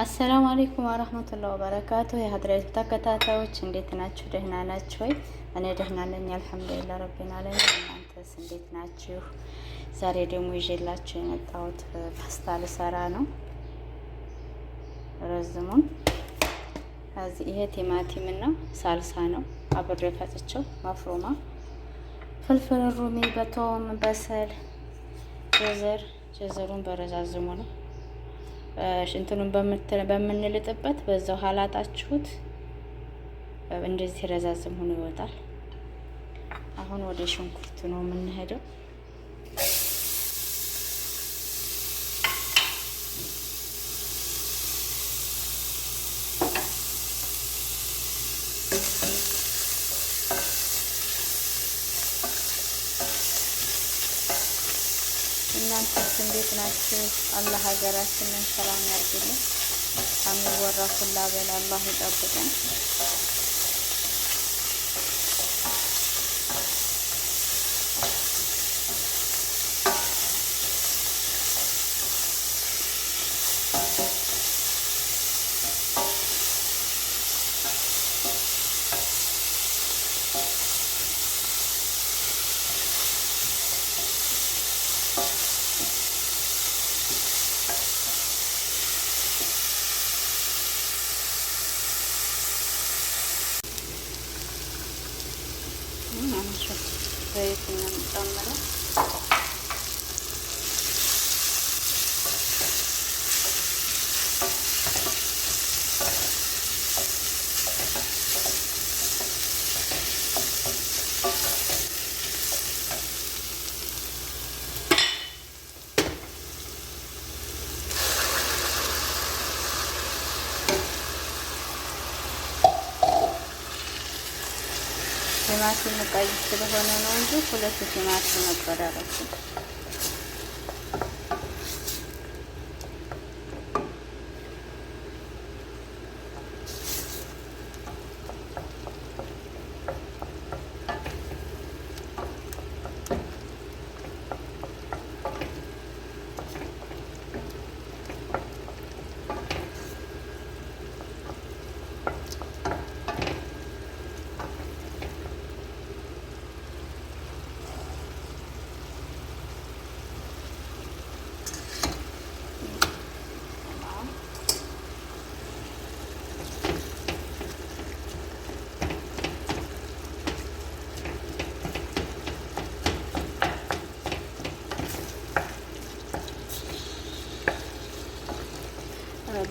አሰላሙ አለይኩም ወራህመቱላሂ ወበረካቱ። የሀድራዊ ተከታታዮች እንዴት ናችሁ? ደህና ናችሁ ወይ? እኔ ደህና ነኝ አልሐምዱሊላህ ረቢን አለሚን። እናንተስ እንዴት ናችሁ? ዛሬ ደግሞ ይዤላችሁ የመጣሁት ፓስታ ልሰራ ነው። ረዝሙን እዚህ ይሄ ቲማቲም እና ሳልሳ ነው አብሬ ፈጭቼው መፍሮማ ፍልፍል ሩሚ፣ በቶም በሰል ጀዘር ጀዘሩን በረዛዝሙ ነው ሽንትኑን በምንልጥበት በዛው ሀላጣችሁት እንደዚህ ረዛዝም ሆኖ ይወጣል። አሁን ወደ ሽንኩርት ነው የምንሄደው። እንዴት ናችሁ? አላህ ሀገራችንን ሰላም ያርግልን። ከሚወራ ሁላ በላ አላህ ይጠብቀን። ማለት ነው። የምጨምረው ቲማቲም ቀይ ስለሆነ ነው እንጂ ሁለት ቲማቲም ነበር ያደረኩት።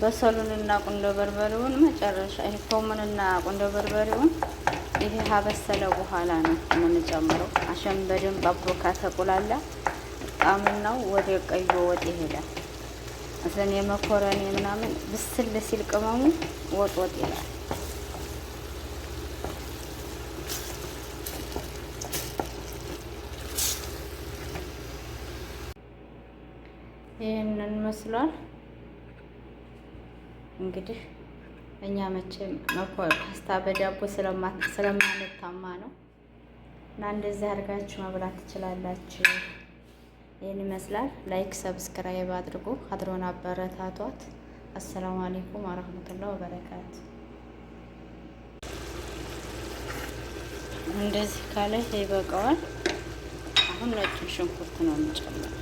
በሰሉንና ቁንዶ በርበሬውን መጨረሻ ይሄ ኮሙንና ቁንዶ በርበሬውን ይሄ ካበሰለ በኋላ ነው የምንጨምረው። አሸን በደንብ አብሮ ካተቁላላ ጣምናው ወደ ቀዩ ወጥ ይሄዳል። እዘን የመኮረኒ ምናምን ብስል ሲል ቅመሙ ወጥ ወጥ ይላል። ይህንን መስሏል። እንግዲህ እኛ መቼም ፓስታ በዳቦ ስለማንታማ ነው እና እንደዚህ አድርጋችሁ መብላት ትችላላችሁ። ይህን ይመስላል። ላይክ ሰብስክራይብ አድርጎ አድሮን አበረታቷት። አሰላሙ አሌይኩም ወረህመቱላ ወበረካቱ። እንደዚህ ካለ ይበቃዋል። አሁን ነጭ ሽንኩርት ነው የሚጨምረው።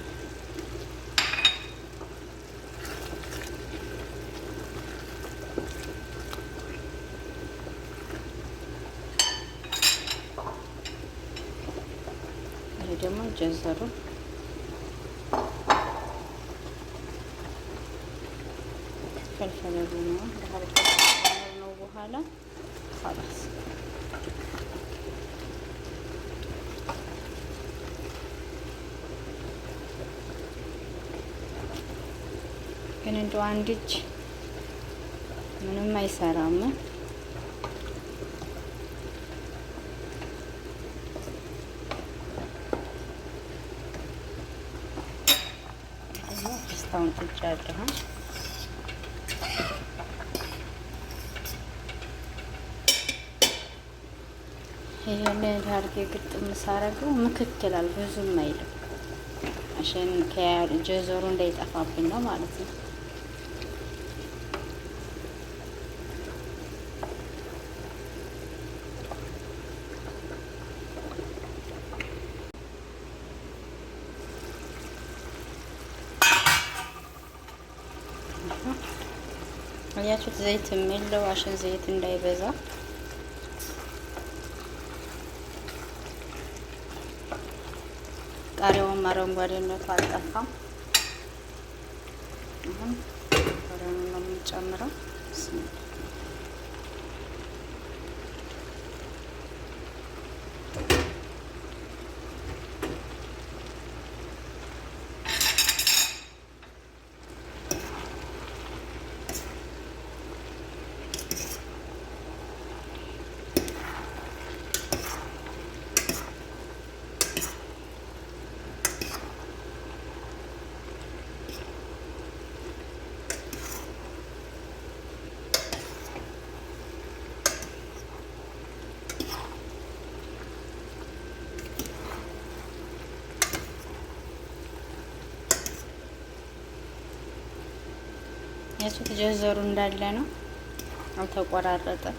ደግሞ ጀዘሩ ፈልፈለሩ ነው ነው በኋላ ላስ ግን እንደው አንድ እጅ ምንም አይሰራም። ከዛ ፒስታውን ጥጭ ያለሁን ይህን ዳርጌ ግጥም ሳረገው ብዙም አይልም። አሸን ጀዘሩ እንዳይጠፋብኝ ነው ማለት ነው። አያችሁት? ዘይት የለው አሽን ዘይት እንዳይበዛ ቃሪያውም አረንጓዴነቱ አልጠፋም። አሁን ቃሪያውን ነው የምንጨምረው። አይነቱ ተጀዘሩ እንዳለ ነው፣ አልተቆራረጠም።